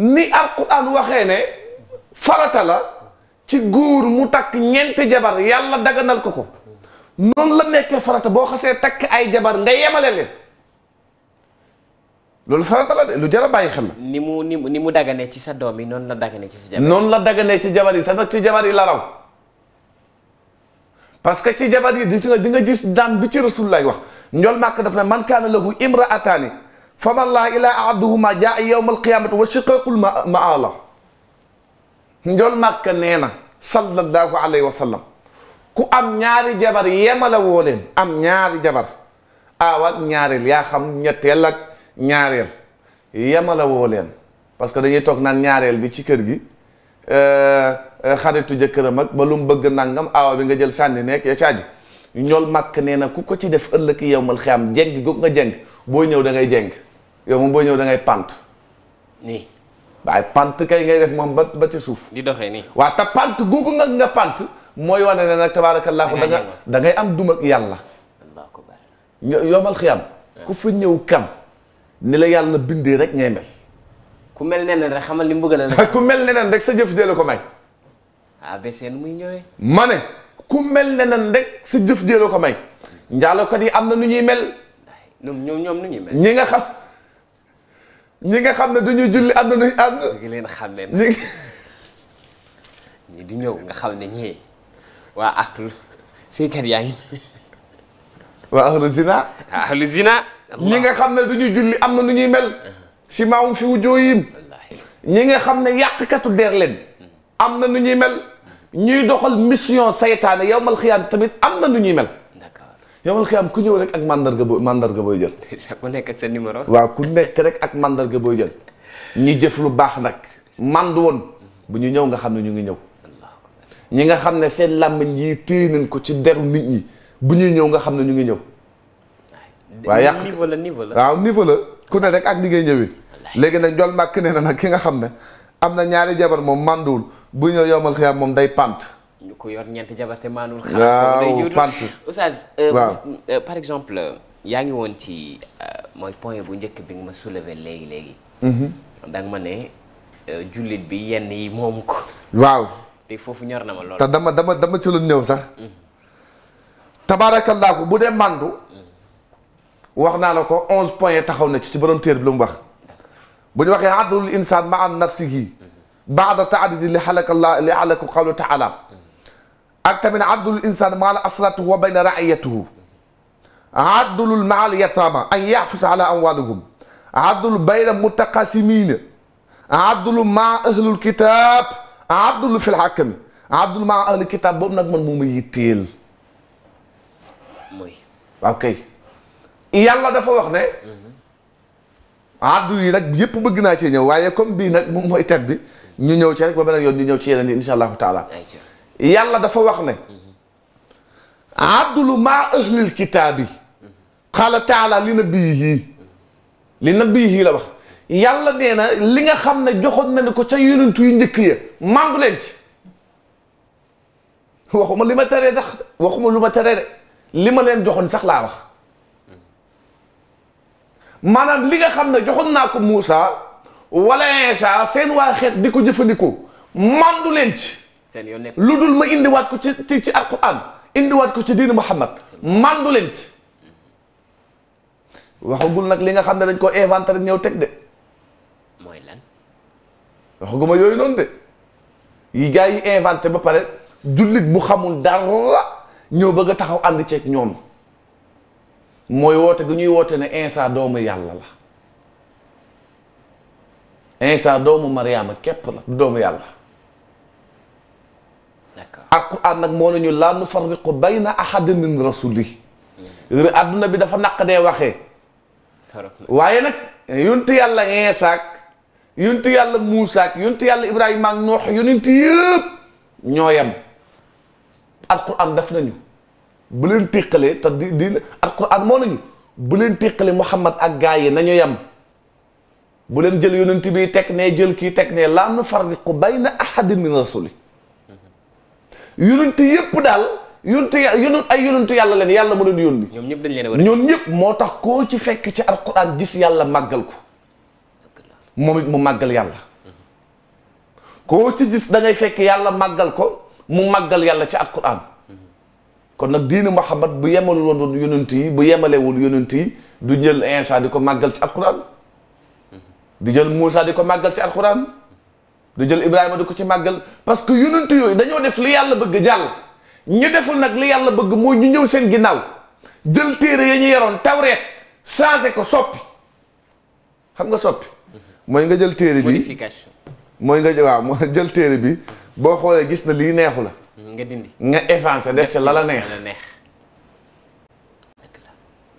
ni alquran waxee ne farata la ci góor mu takk ñeenti jabar yàlla daganal ko ko noonu la nekkee farata boo xasee takk ay jabar nga yemale leen loolu farata la de lu jar a bàyyi xel na ni mu ni mu ni mu daganee ci sa doom yi noonu la daganee ci sa jabar. noonu la dagganee ci jabar yi te nag ci jabar yi la raw parce que ci jabar yi di nga di nga gis daan bi ci rasulullah wax njool màkk daf ne man kaana lahu imraataani famalla ila ahaduhuma jaa yowma alqiyamati wa ma shiqaqul maala njol màkka nee na sallallahu alayhi wa sallam ku am ñaari jabar yemale woo leen am ñaari jabar aaw ak ñaareel yaa xam ñetteel ak ñaareel yemale woo leen parce que dañuy toog naan ñaareel bi ci kër gi euh, xaritu jëkkëram ak ba lu mu bëgg nangam aawa bi nga jël sànni nekk ya caaji ñool màkk nee na ku ko ci def ëllëg yowmal xiyam jeng goog nga jeng booy ñëw dangay ngay jeng yow moom boo ñëw da ngay pant. nii. waaye pant kay ngay def moom ba ba ci suuf. di doxee nii waaw te pant googu nga nga pant mooy wane ne nag tabaarakallaahu da nga da ngay am dum yàlla. yomal xiyam. Eh. ku ñëw kam ni la yàlla bindee rek ngay mel. ku mel ne nen rek xamal li mu bëgg la ku mel ne nen rek sa jëf jee ko may. ah nu muy ku mel ne nen rek jëf jee ko may. yi am na nu ñuy mel. ñoom ñoom nu ñuy mel. ñi nga xam ne duñu julli ànd nañu ñu leen xàmmee nag di ñëw nga xam ne ñii waa ahlu seykat yaa ngi. waa ñi nga xam ne duñu julli am na nu ñuy mel. Uh-huh. si maam fi wu ñi nga xam ne yàqkatu der leen. Uh-huh. am na nu ñuy mel. Uh-huh. ñuy doxal mission saytaane yowmal xiyaam tamit am na nu ñuy mel. yomal xiyam ku ñëw rek ak màndarga booy màndarga booy jël. ku nekk ak numéro. waaw ku nekk rek ak mandarga booy jël ñi jëf lu baax nag mand bu ñu ñëw nga xam ne ñu ngi ñëw. ñi nga xam ne seen làmmiñ yi téye ko ci deru nit bu ñuy ñëw nga xam ne ñu ngi ñëw. waaye yàq niveau la ku ne rek ak ni ngay léegi nag jol màkk nee na nag ki nga xam ne am na ñaari jabar moom mànduwul bu ñëw yomal xiyam moom day pant. ñu ko yor ñeenti jabar te maanul. waaw pant Oustaz euh, euh, par exemple euh, yaa ngi woon ci mooy point bu njëkk bi nga ma soulever léegi léegi. Mhm. da ma ne jullit bi yenn yi moomu ko. waaw te foofu ñor na ma lool. dama dama dama ci lu néew sax. Mhm. tabaarakallaahu bu dee màndu. Mhm. wax naa la ko onze point taxaw na ci ci borom téer bi lu mu wax. bu ñu waxee adlul insaan ma an nafsihi baada taadidi li xalaka allah li xalaku qawlu taala ak tamit addulul insaan maal asratu wa bayna raiyatuhu addulul maal yataama an yaxfusa ala amwalihum addul bayna mutaqasimina addulu maa ahlul kitab addulu fil xakkami addul maa ahlul kitab boobu nag man mooma yitteel mooy waaw kay yàlla dafa wax ne addu yi nag yëpp bëgg naa ci ñëw waaye comme bii nag moom mooy tet bi ñu ñëw ci rek ba beneen yoon ñu ñëw ci yeneen yi insha allahu taala yàlla dafa wax ne abdulu maa ahlil kitaabi xaala taala li nabiyihi li nabiyihi la wax yàlla nee na li nga xam ne joxoon na ne ko ca yonentu yu njëkk ya màndu leen ci waxuma li ma teree sax waxuma lu ma tere de li ma leen joxoon sax laa wax maanaam li nga xam ne joxoon naa ko Moussa wala Insa seen waa xeet di ko jëfandikoo màndu leen ci seen yoon nekk lu dul ma indiwaat ko ci ci ci alquran indiwaat ko ci diinu Muhammad mandu leen ci waxagul nag li nga xam ne dañ ko inventé ñëw teg de. mooy lan. waxaguma yooyu noonu de yi gars yi inventé ba pare jullit bu xamul dara ñëw bëgg a taxaw ànd ceeg ñoom mooy woote gu ñuy woote ne Insa doomu yàlla la Insa doomu Mariama képp la doomu yàlla. d'accord alquran nag moo nañu laa nufarriqu bayna ahadin min rasuli adduna bi dafa naq dee waxee waaye nag yuntu yàlla Eesaak yuntu yàlla Muusaak yuntu yàlla Ibrahima ak Noox yuntu yëpp ñoo yem alquran daf nañu bu leen téqale te di di alquran moo nañu bu leen téqale Muhammad ak gaa yi nañu yem bu leen jël yonent bi teg ne jël kii teg ne laa nufarriqu bayna ahadin min rasuli yonent yëpp daal yonent yonent ay yonentu yàlla leen yàlla moo leen yónni. ñoom a war ñoom ñëpp moo tax koo ci fekk ci alquran gis yàlla màggal ko moom mu màggal yàlla koo ci gis fekk yàlla màggal ko mu màggal yàlla ci alquran kon nag diinu Muhammad bu yemalul woon yonent yi bu yemalewul yonent yi du jël Insa ko màggal ci alquran di jël Muusa ko màggal ci alquran. du jël Ibrahima di ko ci màggal parce que yonent yooyu dañoo def li yàlla bëgg jàll ñu deful nag li yàlla bëgg mooy ñu ñëw seen ginnaaw jël téere ya ñu yoroon tawreet changé ko soppi xam nga soppi. mooy nga jël téere bi modification. mooy nga waaw mooy jël téere bi boo xoolee gis na lii neexu la. nga dindi nga effacé def ca la la neex.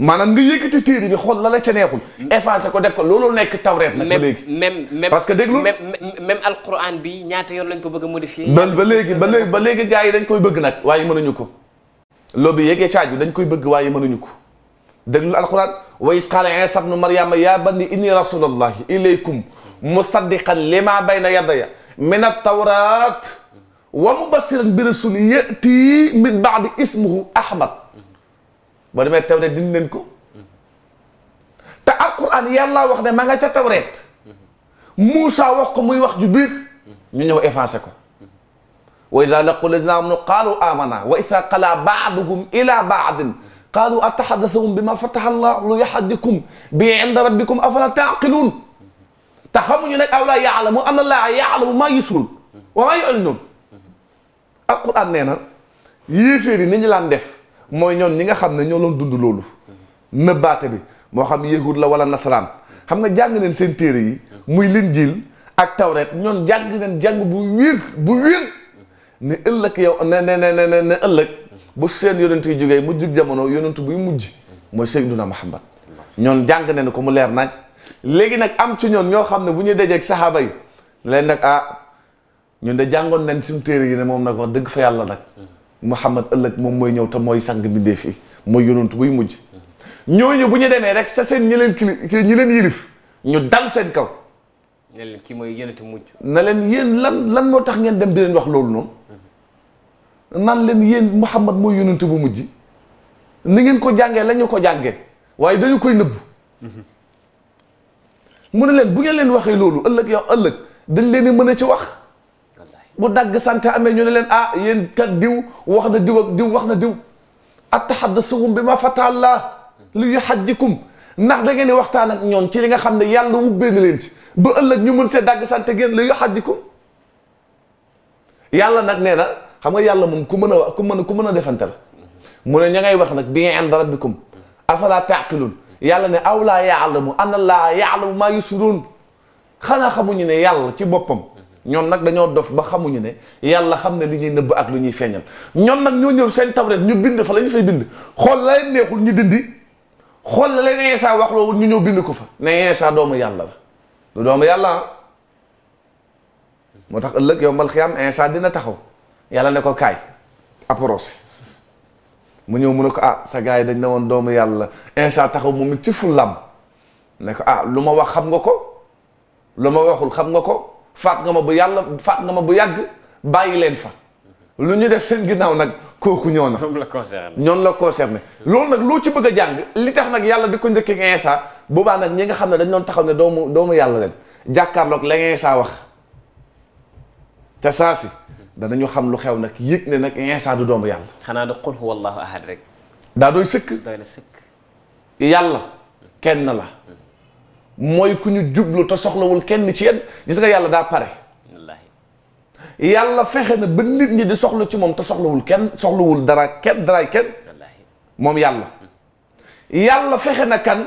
maanaam nga yëkkati téere bi xool la la ca neexul effacé ko def ko loolu nekk tawreet nag ba léegi même même que déglu même alquran bi ñaata lañ ko bëgg a modifié ba léegi ba léegi ba léegi gars yi dañ koy bëgg nag waaye mënuñu ko loobi yeegee caaj bi dañ koy bëgg waaye mënuñu ko déglul alquran wa is qaala Iisaa bnu Maryama yaa bani inni rasulullahi ilaykum musaddiqan lima bayna yadaya min at-tawrat wa mubashiran bi rasulin ya'ti min ba'di ismuhu ahmad boo demee tawreet dindi leen ko te alquran yàlla wax ne ma nga ca tawreet Muusa wax ko muy wax ju biir ñu ñëw effacé ko wa ida laqu lazina amanu qaalu amana wa ida qala baaduhum ila baadin qaalu ataxadasuhum bi ma fataha allahu yaxadikum bi inda rabbikum afala taaqiluun te xamuñu nag aw laa yaalamu anna laa yaalamu maa yusrun wa maa yu'linuun alquran nee na yéeféer yi ni ñu laan def mooy ñoom ñi nga xam ne ñoo doon dund loolu nëbbaate bi moo xam yahud la walla nasaraan xam nga jàng neen seen téere yi muy liin linjiil ak tawreet ñoom jàng neen jàng bu wér bu wér yow ne ne ne ëllëg bu seen yonent yi jógee mu jug jamono yonent buy mujj mooy Seydina Muhammad ñoon jàng neen ko mu leer naaj léegi nag am ci ñoon ñoo xam ne bu ñuy dajeeg saxaaba yi leen nag ah ñun de jàngoon nañ suñu téere yi ne moom nag wax dëgg fa yàlla nag Muhammad ëllëg moom mooy ñëw te mooy sang bindee fii mooy yonantu buy mujj ñooñu bu ñu demee rek sa seen ñi leen kili ñi leen yilif ñu dal seen kaw. ne leen kii mooy yonantu mujj. na leen yéen lan lan moo tax ngeen dem di leen wax loolu noonu. nan leen yéen Muhammad mooy yonantu bu mujj. ni ngeen ko jàngee lañu ko jàngee waaye dañu koy nëbb. mu ne leen bu ngeen leen waxee loolu ëllëg yow ëllëg dañ leen mën a ci wax. bu dagg santé amee ñu ne leen ah yéen kat diw wax na diw ak diw wax na diw attaxaddasuhum bi ma fataallah li yuhajjikum ndax da ngeen di waxtaan ak ñoom ci li nga xam ne yàlla wubbee na leen ci ba ëllëg ñu mën see dagg santé ngeen li yuhajjikum yàlla nag nee na xam nga yàlla moom ku mën a ku mën a ku mën a defante la mu ne ña ngay wax nag bi inda rabbikum afala taqilun yàlla ne aw laa yaalamu ana laa yaalamu maa yusuruun xanaa xamuñu ne yàlla ci boppam ñoom nag dañoo dof ba xamuñu ne yàlla xam ne li ñuy nëbb ak lu ñuy feeñal ñoom nag ñoo ñëw seen tabret ñu bind fa la ñu fay bind xool la leen neexul ñu dindi xool la leen Yeesaa wax loowul ñu ñëw bind ko fa ne Yeesaa doomu yàlla la lu yàlla ah. moo tax ëllëg yow mal xiyaam Yeesaa dina taxaw yàlla ne kaay approché mu ñëw mu ne ko ah sa yi dañ ne woon doomu yàlla Yeesaa taxaw moom it ci fulam ne ko ah lu ma wax xam nga ko lu ma waxul xam nga ko faat nga ma bu yàlla faat nga ma bu yàgg bàyyi leen fa lu ñu def seen ginnaaw nag kooku ñoo na ñoom la concerné ñoom loolu nag loo ci bëgg a jàng li tax nag yàlla di ko njëkkee nga Insa boobaa nag ñi nga xam ne dañ doon taxaw ne doomu doomu yàlla leen jàkkaarloog la nga wax te saa si danañu xam lu xew nag yëg ne nag Insa du doomu yàlla xanaa da qul huwallahu ahad rek daa doy sëkk doy na sëkk yàlla kenn la mooy ku ñu jublu te soxlawul kenn ci yéen gis nga yàlla daa pare. wallaahi yàlla fexe na ba nit ñi di soxla ci moom te soxlawul kenn soxlawul dara kenn daraay kenn. moom yàlla. yàlla fexe na kan.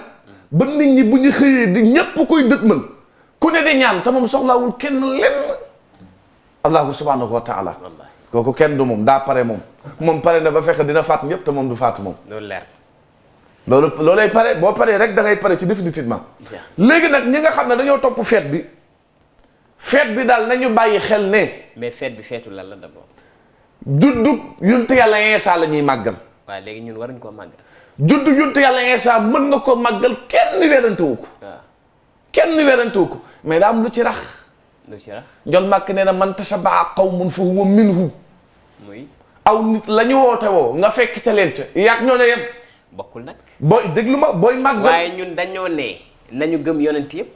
ba nit ñi bu ñu xëyee di koy dëtmal. ku ne ñaan te moom soxlawul kenn lenn. allahu subhanahu wa taala. wallaahi kooku kenn du moom daa pare moom. moom pare na ba fexe dina faat ñëpp te moom du faat moom. leer. loolu loolay pare boo paree rek da ngay pare ci définitivement. léegi nag ñi nga xam ne dañoo topp feet bi feet bi daal ñu bàyyi xel ne. mais feet bi feetu lan la d'abord. juddu yuntu yàlla Iisaa la ñuy màggal. waaw léegi ñun waruñu koo màggal. juddu yuntu yàlla Iisaa mën nga koo màggal kenn weerantewu ko. kenn weerantewu ko mais daa am lu ci rax. lu ci rax màkk nee na man tashabbaha qawmun fa huwa minhum. muy aw nit la ñu woote woo nga fekk ca leen ca. yaa ñoo yen bokkul nag. booy déglu ma booy màgg. waaye ñun dañoo ne nañu gëm yonent yëpp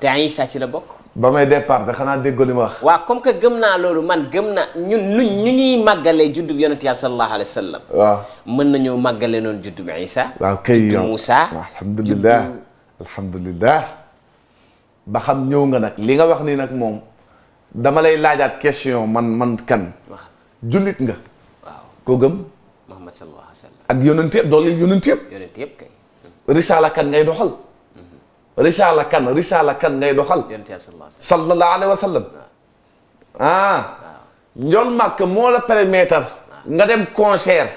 te Aïcha ci la bokk. ba may départ xanaa déggoo li ma wax. waaw comme que gëm naa loolu man gëm na ñun nuñ ñu ñuy màggalee juddub yonent yàlla sallallahu alayhi wa sallam. waaw mën nañoo màggale noonu juddub Isa. waaw kay yow juddu Moussa. alhamdulilah alhamdulilah. ba xam ñëw nga nag li nga wax nii nag moom dama lay laajaat question man man kan. jullit nga. koo gëm. ak yonent yëpp doole yonent yëpp. yonent yëpp kay. risaala kan ngay doxal. Mhm. risaala kan risaala kan ngay doxal. yonent yàlla sallallahu alayhi wa sallam. sallallahu alayhi wa sallam. ah. njool màkk la permettre. nga dem concert.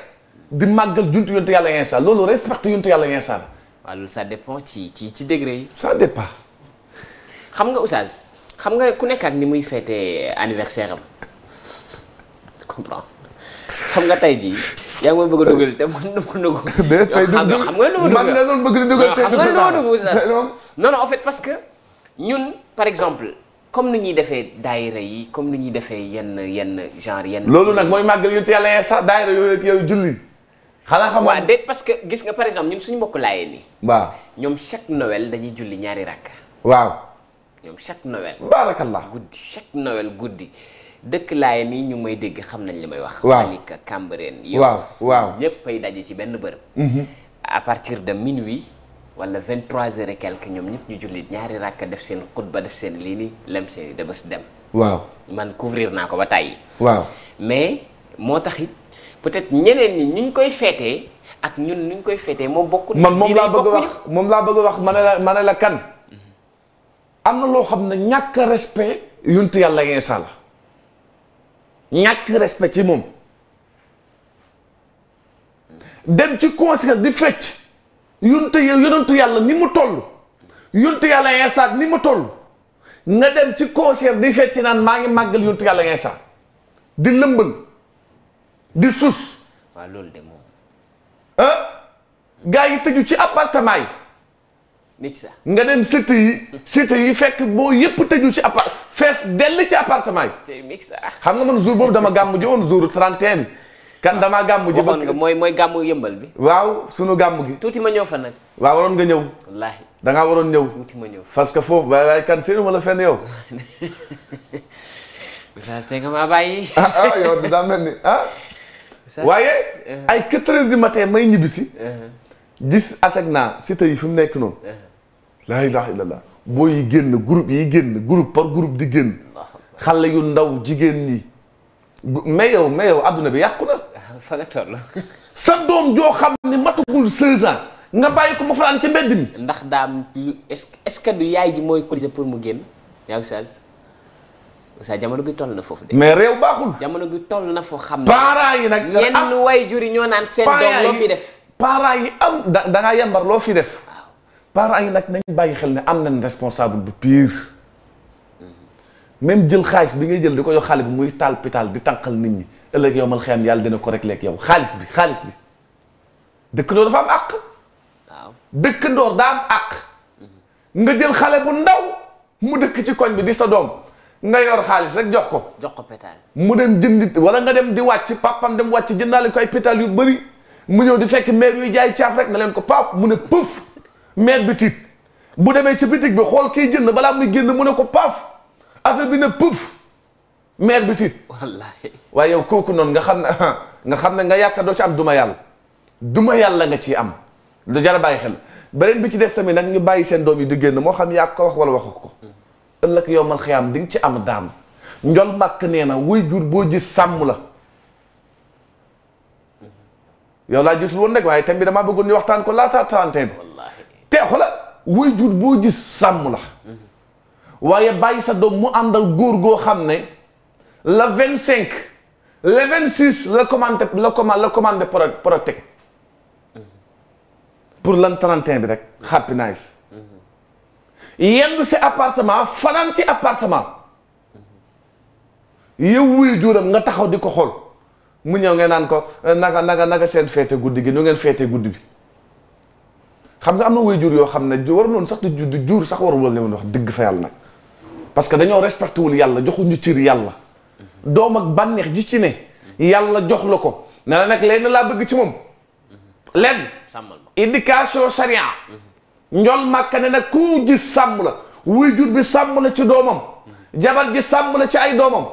di màggal juntu yonent yàlla Iisaa loolu respecte yonent yàlla Iisaa. waaw loolu ça dépend ci ci ci degré yi. xam nga oustaz xam nga ku nekk ak ni muy fêté anniversaire am comprends xam nga tey jii. yaa ngi bëgg a dugal te mën na mën na ko. tey dugal xam nga nu ma dugal man nga doon bëgg di dugal tey dugal naa non non en fait parce que ñun par exemple comme ni ñuy defee daayira yi comme ni ñuy defee yenn yenn genre yenn. loolu nag mooy màggal yu teel a sax daayira yooyu ak yow julli. xanaa xam waaw déet parce que gis nga par exemple ñun suñu mbokk laayeen yi. waaw ñoom chaque Noël dañuy julli ñaari rakk. waaw. ñoom chaque Noël. baarakallah guddi chaque Noël guddi. dëkk laay nii ñu may dégg xam nañ li may wax. waaw Malika Cambérène. waaw waaw ñëpp ay daje ci benn bërëb. Mhm. à partir de minuit. wala 23 heures et quelques ñoom ñëpp ñu jullit ñaari rakk def seen ba def seen lii nii lem seen i dem. waaw man couvrir naa ko ba tàyyi. waaw mais moo tax it peut-être ñeneen ñi ñu ngi koy feetee ak ñun ñu ngi koy feetee moo bokkul. man moom laa bëgg wax moom laa bëgg a wax ma ne la ma ne la kan. Mhm. am na loo xam ne ñàkk respect. yuntu yàlla yeesa la. ñàkk respect ci moom dem ci conséquence di fecc yonte yonentu yàlla ni mu toll yonentu yàlla Iisaa ni mu toll nga dem ci concert di fecc naan maa ngi màggal yonentu yàlla Iisaa di lëmbal di sus waaw de moom ah gaa yi tëju ci appartement yi nga dem cité yi cité yi fekk boo yépp tëju ci appart fees dell ci appartement yi. Ah. xam nga man jour boobu dama gàmm ji woon jour 31 kan ah, dama gàmm ji. waxoon mooy mooy gàmmu yëmbal bi. waaw sunu gàmm gi. tuuti ma ñëw fa nag. waaw waroon nga ñëw. wallaahi da ngaa waroon ñëw. tuuti ma ñëw parce que foofu waaye kan séenu ma la fenn yow. Ah, mel ni ah. waaye uh-huh. ay 4 heures ma matin may ñibbisi. Uh-huh. gis aseg naa si tey fi mu nekk noon uh-huh. la ilaha booy yi génn groupe yi génn groupe par groupe di génn xale yu ndaw jigéen ñi mais yow mais yow bi yàqu na. fa sa doom joo xam ne matagul 16 ans nga bàyyi ko mu fanaan ci mbedd mi. ndax daam est-ce que du yaay ji mooy cotiser pour mu génn yaa Oustaz Oustaz jamono gi toll na foofu de. mais réew baaxul. jamono gi toll na foo xam ne. parents yi nag yenn ah. way jur yi ñoo naan seen doom loo fi def. parents yi am da da ngaa loo fi def. parents yi nag nañ bàyyi xel ne am nañ responsable bu pire même jël xaalis bi ngay jël di ko jox xaale bi muy taal pitaal di tànqal nit ñi ëllëg yow mal xeyam yàlla dina ko rek ak yow xaalis bi xaalis bi dëkkandoo dafa am àq. waaw dëkkandoor daa am àq. nga jël xale bu ndaw mu dëkk ci koñ bi di sa doom nga yor xaalis rek jox ko. jox ko pitaal mu dem jëndit wala nga dem di wàcc papam dem wàcc jëndaale ko ay pitaal yu bëri mu ñëw di fekk maire yuy jaay caaf rek nga leen ko paap mu ne pëf. maire bi tiit bu demee ci bitig bi xool kii jënd balaa muy génn mu ne ko paaf affaire bi ne puuf maire bi tiit. wallaahi waaye yow kooku noonu nga xam ne nga xam ne nga yàkka doo ci am duma yàlla duma yàlla nga ciy am lu jar bàyyi xel beneen bi ci des tamit nag ñu bàyyi seen doom yi di génn moo xam yaa ko wax wala waxu ko ëllëg yow mal xiyaam di nga ci am daan njol màkk nee na wuy jur boo gis sàmm la yow laa gisul woon rek waaye thème bi damaa bëggoon ñu waxtaan ko laata 31. te xoolal way jur boo gis sàmm la waaye bàyyi sa doom mu àndal góor goo xam ne la vingt cinq le vingt six la commandé la commandé la commandé protect pour lan 31 bi rek happy nice si appartement fanaan ci appartement yow wuy juram nga taxaw di ko xool mu ñëw ngeen naan ko naga naga naga seen feete guddi gi nu ngeen feete guddi bi xam nga am na way jur yoo xam ne war noonu sax di jur sax warul la leen wax dëgg fa yàlla parce que dañoo respecté wul yàlla joxuñu cër yàlla doom ak ji ci ne yàlla jox la ko ne la nag lenn laa bëgg ci moom lenn éducation charia njol màkka ne nag ku gis sàmm la wuy jur bi sàmm la ci doomam jabar ji sàmm la ci ay doomam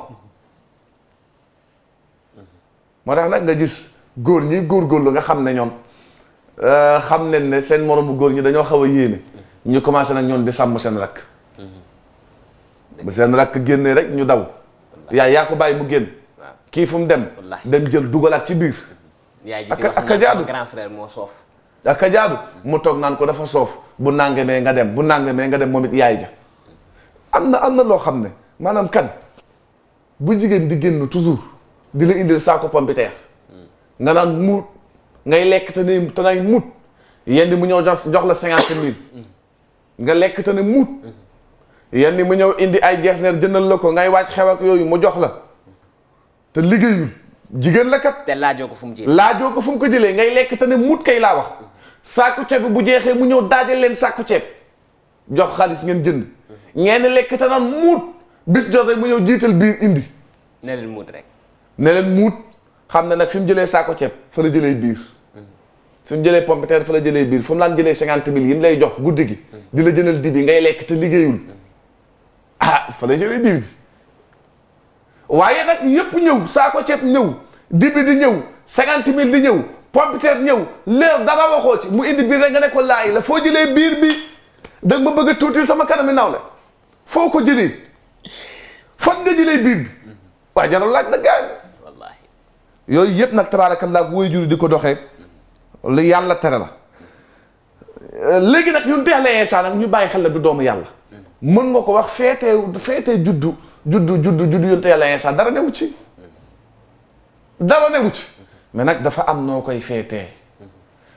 moo tax nag nga gis góor ñi góorgóorlu nga xam ne ñoom Euh, xam nañ ne seen moromu góor ñi dañoo xaw a yéene ñu commencé nag ñoon di sàmm seen rakk ba mm-hmm. seen rakk génne rek ñu daw yaay yaa ko bàyyi mu génn kii fu mu dem dem jël dugalaat ci biir mm-hmm. ak a jaadu grand frère moo soof ak a jaadu mm-hmm. mu toog naan ko dafa soof bu nangemee nga dem bu nangemee nga dem moom it yaay ja am na am na loo xam ne maanaam kan bu jigéen di génn toujours di la indil saako pompiteer nga naan mu ngay lekk te ne te nay mut yenn mu ñëw jox jox la cinquante mille lekk te ne mut yenn mu ñëw indi ay gesneer jëndal la ko ngay waaj xew ak yooyu mu jox la te liggéeyul jigéen la kat. te laajoo ko fu mu jëlee laajoo ko fu mu ko jëlee ngay lekk te ne mut kay laa wax saaku ceeb bi bu jeexee mu ñëw daajal leen saaku ceeb jox xaalis ngeen jënd ngeen lekk te naan muut bis jot rek mu ñëw jiital biir indi. ne leen muut rek. ne leen muut xam ne nag fi mu jëlee saako ceeb fa la jëlee biir. suñ jëlee pomme de fa la jëlee biir fu mu daan jëlee cinquante mille yi mu lay jox guddi gi di la jëlal dibi ngay lekk te liggéeyul ah fa la jëlee biir bi waaye nag yëpp ñëw saako ceeb ñëw dibi di ñëw cinquante mille di ñëw pomme ñëw leer dara waxoo ci mu indi biir rek nga ne laay la foo jëlee biir bi da nga bëgg a tuutil sama kanami naaw la foo ko jëlee fan nga jëlee bi mhm. waa jaral laaj na gaañ yooyu yëpp nag tabaarakallaah wooy juri di ko doxee lu yàlla tere la léegi nag ñun teexle instant nag ñu bàyyi xel la du doomu yàlla mën nga ko wax feetee feetee juddu juddu juddu juddu yonte yàlla instant dara newu ci dara newu ci mais nag dafa am noo koy feetee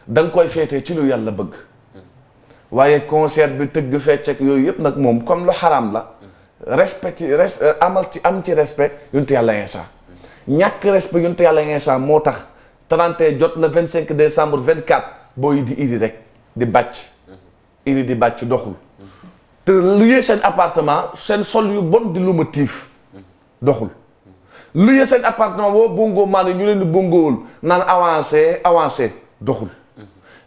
da koy feetee ci lu yàlla bëgg waaye concert bi tëgg feccek yooyu yëpp nag moom comme lu xaraam la respect res amal ci am ci respect yonte yàlla instant ñàkk respect yonte yàlla instant moo tax 31 jot na 25 vingt 24 boo yi di iri rek di bàcc iri di bàcc doxul te luyee seen appartement seen sol yu bon di lu ma tiif doxul luyee seen appartement boo bongoo maanaam ñu leen di bongoowul naan avancé avancé doxul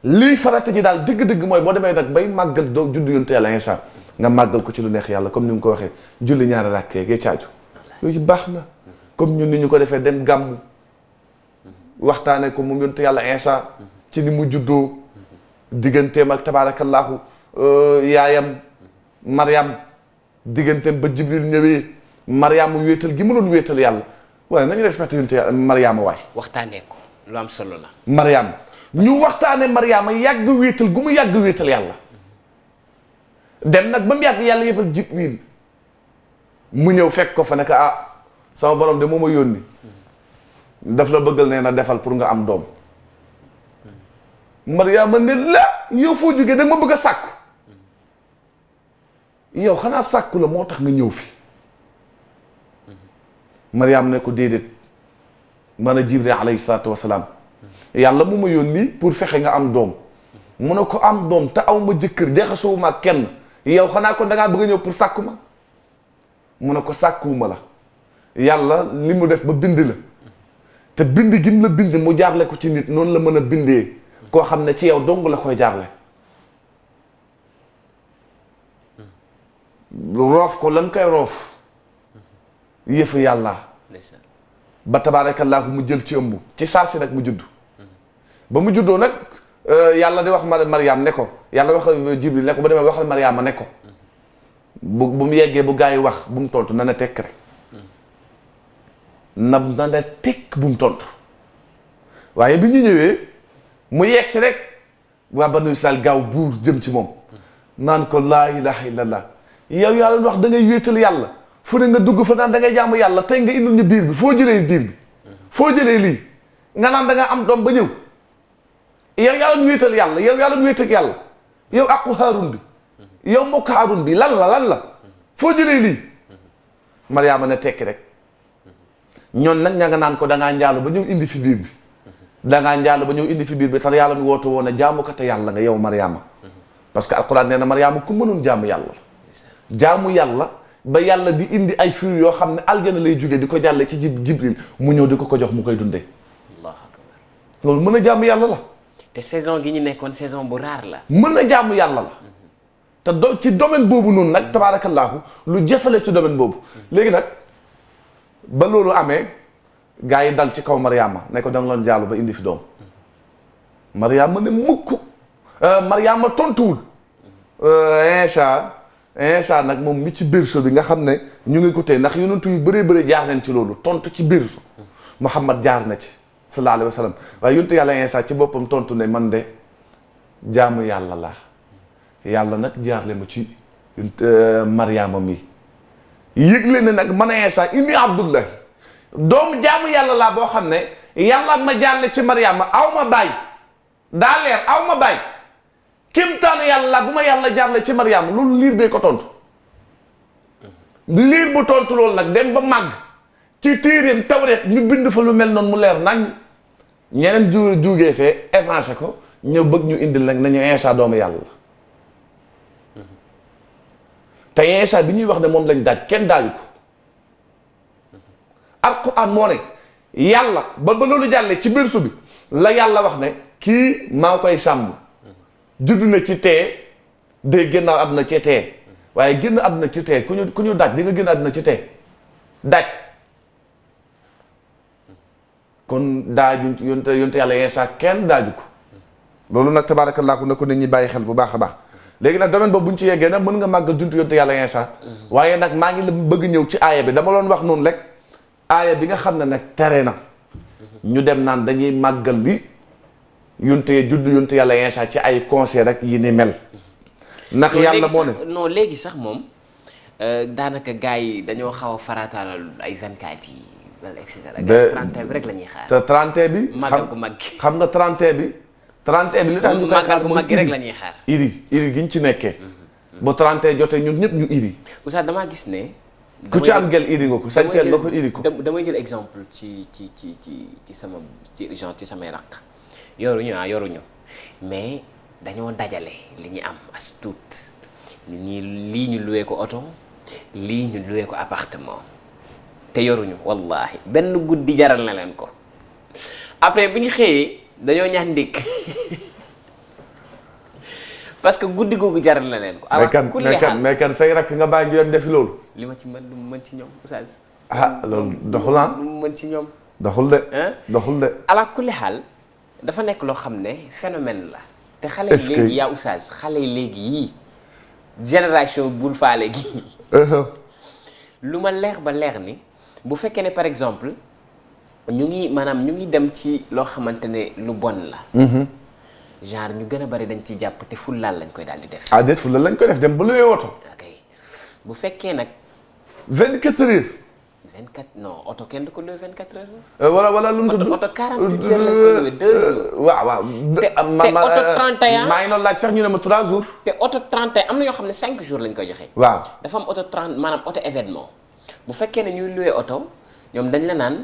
lii farata ji daal dëgg-dëgg mooy boo demee nag bay màggal doo judd yoon teel instant nga màggal ko ci lu neex yàlla comme ni nga ko waxee julli ñaari ràkkee gee caaju yooyu baax na comme ñun ni ñu ko defee dem gàmmu waxtaanee ko moom yonent yàlla Insa ci ni mu juddoo digganteem ak tabaarakallaahu euh, yaayam Mariam digganteem ba Jibril ñëwee Mariam wéetal gi mu doon wéetal yàlla waaye nañu respecté yonent yàlla Mariam waay. waxtaanee ko lu am solo la. Mariam ñu waxtaanee Mariam yàgg wéetal gu mu yàgg wéetal yàlla dem nag ba mu yàgg yàlla yëpp ak Jibril mu ñëw fekk ko fa ne ah sama borom de moo ma yónni. daf la bëggal nee na defal pour nga am doom Mariama ne la yow foo jógee da nga ma bëgg a sàkku yow xanaa sàkku la moo tax nga ñëw fi Mariama ne ko déedéet man a Jibril alayhi salaatu wasalaam yàlla mu ma yónni pour fexe nga am doom mun ne ko am doom te aw ma jëkkër jaxasoo ma kenn yow xanaa ko da ngaa bëgg a ñëw pour sàkku ma mu ne ko sàkkuwuma la yàlla li mu def ma bind la te bind gi mu la bind mu jaarle ko ci nit noonu la mën a bindee koo xam ne ci yow dong la koy jaarle roof ko lan koy roof yëfu yàlla ba tabaarakallaahu mu jël ci ëmb ci saasi si nag mu juddu ba mu juddoo nag euh, yàlla di wax ma Mariam ne ko yàlla wax Jibril ne ko ba demee waxal Mariama ne ko bu bu mu yeggee bu gaa yi wax bu mu tontu na na tekk rek nam na ne tekk bu mu tontu waaye bi ñu ñëwee mu yegg si rek waa banu Israël gaaw buur jëm ci moom naan ko laa ilaha illallah yow yàlla leen wax da ngay wéetal yàlla fu ne nga dugg fa naan da ngay jaamu yàlla tey nga indil ñu biir bi foo jëlee biir bi foo jëlee lii nga naan dangay am doom ba ñëw yow yaa leen wéetal yàlla yow yàlla leen wéetal yàlla yow aqu haarun bi yow mbokk haarun bi lan la lan la foo jëlee lii Mariama ne tekki rek ñoon nag ña nga naan ko da ngaa ba ñëw indi fi biir bi da ngaa njaalu ba ñëw indi fi biir bi tax yàlla mi woote woon a jaamukate yàlla nga yow Mariama parce que alquran nee na Mariama ku mënoon jaamu yàlla jaamu yàlla ba yàlla di indi ay fruits yoo xam ne aljana lay jóge di ko jàlle ci jib jibril mu ñëw di ko ko jox mu koy dundee loolu mën a jaamu yàlla la te saison gi ñu nekkoon saison bu raar la mën a jaamu yàlla la mhm. te do ci domaine boobu noonu nag tabaarakallaahu lu jëfale ci domaine boobu mhm. léegi nag ba loolu amee gars yi dal ci kaw Mariama ne ko da nga ba indi fi doom Mariama ne mukk euh, Mariama tontuwul incha euh, incha nag moom mi ci berceau bi nga xam ne ñu ngi ko téye ndax yonent yu bëree bëri jaar nañ ci loolu tontu ci berceau Muhammad jaar na ci sallallahu alayhi wa sallam waaye yonent yàlla incha ci boppam tontu ne man de jaamu yàlla la yàlla nag jaarle ma ci euh, Mariama mi yëgle ne nag man a Insa indi Abdullah doomu jàmm yàlla laa boo xam ne yàlla ma jàlle ci Mariama aw ma bàyyi daa leer aw ma bàyyi kéemtaanu yàlla laa bu ma yàlla jàlle ci Mariama loolu liir bee ko tontu liir bu tontu loolu nag dem ba màgg ci téeréem tawreet ñu bind fa lu mel noonu mu leer nañ ñeneen ju juugee fee évancé ko ñëw bëgg ñu indil nag nañu Insa doomu yàlla. te yeesa bi ñuy wax ne moom lañ daaj kenn daaju ko alquran moo ne yàlla ba ba loolu jàllee ci biir su bi la yàlla wax ne kii maa koy sàmm juddu na ci tee day génnaaw àdduna ci tee waaye génn àdduna ci tee ku ñu ku ñu daaj di nga génn àdduna ci tee daaj kon daaju yonte yonte yàlla yeesa kenn daaju ko loolu nag tabaarakallaahu na ko nit ñi bàyyi xel bu baax a baax léegi nag domaine boobu bu ñu ci yeggee nag mën nga màggal juntu yonte yàlla Iisaa waaye nag maa ngi la bëgg ñëw ci aaya bi dama loon wax noonu rek aaya bi nga xam ne nag tere na ñu dem naan dañuy màggal li yonte judd yonte yàlla Iisaa ci ay conseil rek yi ni mel ndax yàlla moo ne léegi sax moom euh, daanaka gars yi dañoo xaw a farataalal ay 24 yi wala et cetera 31 bi rek bi xam nga 31 bi 31 bi li tax ñu koy xaar mooy iri rek la ñuy xaar. iri iri gi ñu ci nekkee. ba 31 jotee ñun ñëpp ñu iri. oustaz damaa gis ne. ku ci am gel iri nga ko sañ seen nga ko iri ko. damay jël exemple ci ci ci ci ci sama ci genre ci samay raq yoruñu ah, yoruñu mais dañoo dajale li ñu am as tuut ñi lii ñu luwee ko oto lii ñu luwee ko appartement te yoruñu wallahi benn guddi jaral na leen ko après bi ñu xëyee. dañoo ñaan ndékk parce que guddi googu jaral na leen ko. alors ku leexal mais kan say rakk nga bàyyi ñu dem defi loolu. li ma ci mën lu mu mën ci ñoom oustaz. ah loolu doxul ah. lu mu mën ci ñoom. doxul de. doxul de. ala kulli xaal dafa nekk loo xam ne phénomène la. te xale yi léegi yaa oustaz xale yi léegi yii génération bul faale gi. Uh-huh. lu ma leer ba leer ni bu fekkee ne par exemple. ñu ngi maanaam ñu ngi dem ci loo xamante ne lu bon la. Mhm. genre ñu gën a bari dañ ci jàpp te fullaal lañ koy daal di def. ah déet fullaal lañ koy def dem ba luwee oto. ok bu fekkee nag. 24 heures. 24 non oto kenn du ko luwee 24 heures. wala euh, wala lu oto 48 heures lañ koy luwee 2 euh, jours. waaw waaw. te euh, ngi doon laaj sax ñu ne ma te oto 31 am na yoo xam ne 5 jours lañ koy joxe. waaw dafa am oto 30 maanaam oto événement bu fekkee ne ñuy luwee oto ñoom dañ la naan.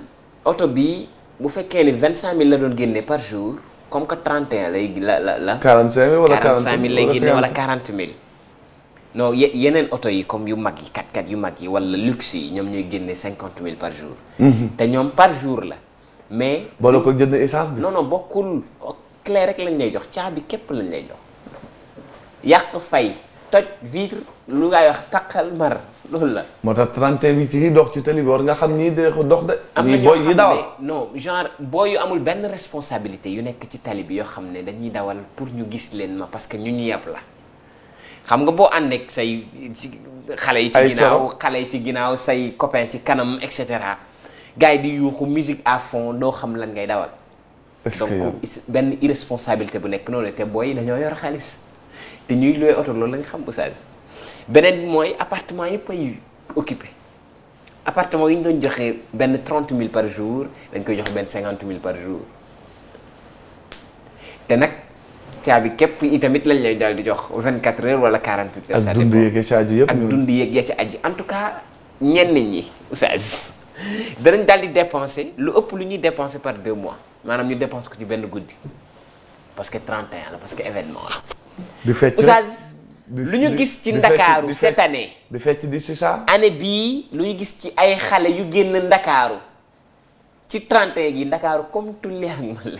oto bi bu fekkee ni vingt cinq mille la doon génne par jour comme que trente et un lay la la la. quarante cinq mille wala lay génne wala quarante mille. non yeneen oto yi comme yu mag yi kat kat yu mag yi wala luxe yi ñoom ñuy génne cinquante mille par jour. Mhm. te ñoom par jour la. mais boole ko jënd essence bi. non non bokkul clé rek lañ lay jox caabi képp lañ lay jox yàq fay. toj vitre lu ngay wax taqal mar loolu la. moo tax 31 ci yi dox ci tali bi war nga xam ñii day dox de. am na ñoo xam ne genre booy yu amul benn responsabilité yu nekk ci talibi yoo xam ne dañuy dawal pour ñu gis leen ma parce que ñu ñu yàpp la xam nga boo ànd ak say xale yi. ci ginnaaw xale yi ci ginnaaw say copain ci kanam et cetera gars yi di yuuxu musique à fond doo xam lan ngay dawal. donc benn irresponsabilité bu nekk noonu te booy yi dañoo yor xaalis. te ñuy loué oto loolu la nga xam Oustaz beneen bi mooy appartement yëpp ay occupé appartement yi ñu doon joxee benn trente mille par jour dañ koy joxe benn cinquante mille par jour te nag caabi képp tamit lañ lay daal di jox vingt quatre heures wala quarante huit heures. ak dund yeeg ya ca aju yëpp ak dund yeeg ya ca aju en tout cas ñenn ñi Oustaz danañ daal di dépenser lu ëpp lu ñuy dépenser par deux mois maanaam ñu dépense ko ci benn guddi parce que 31 la parce que événement la. di lu ñu gis ci ndakaaru cette année. di fecc di année bii lu ñu gis ci ay xale yu génn ndakaaru ci 31 gi ndakaaru comme tulli ak male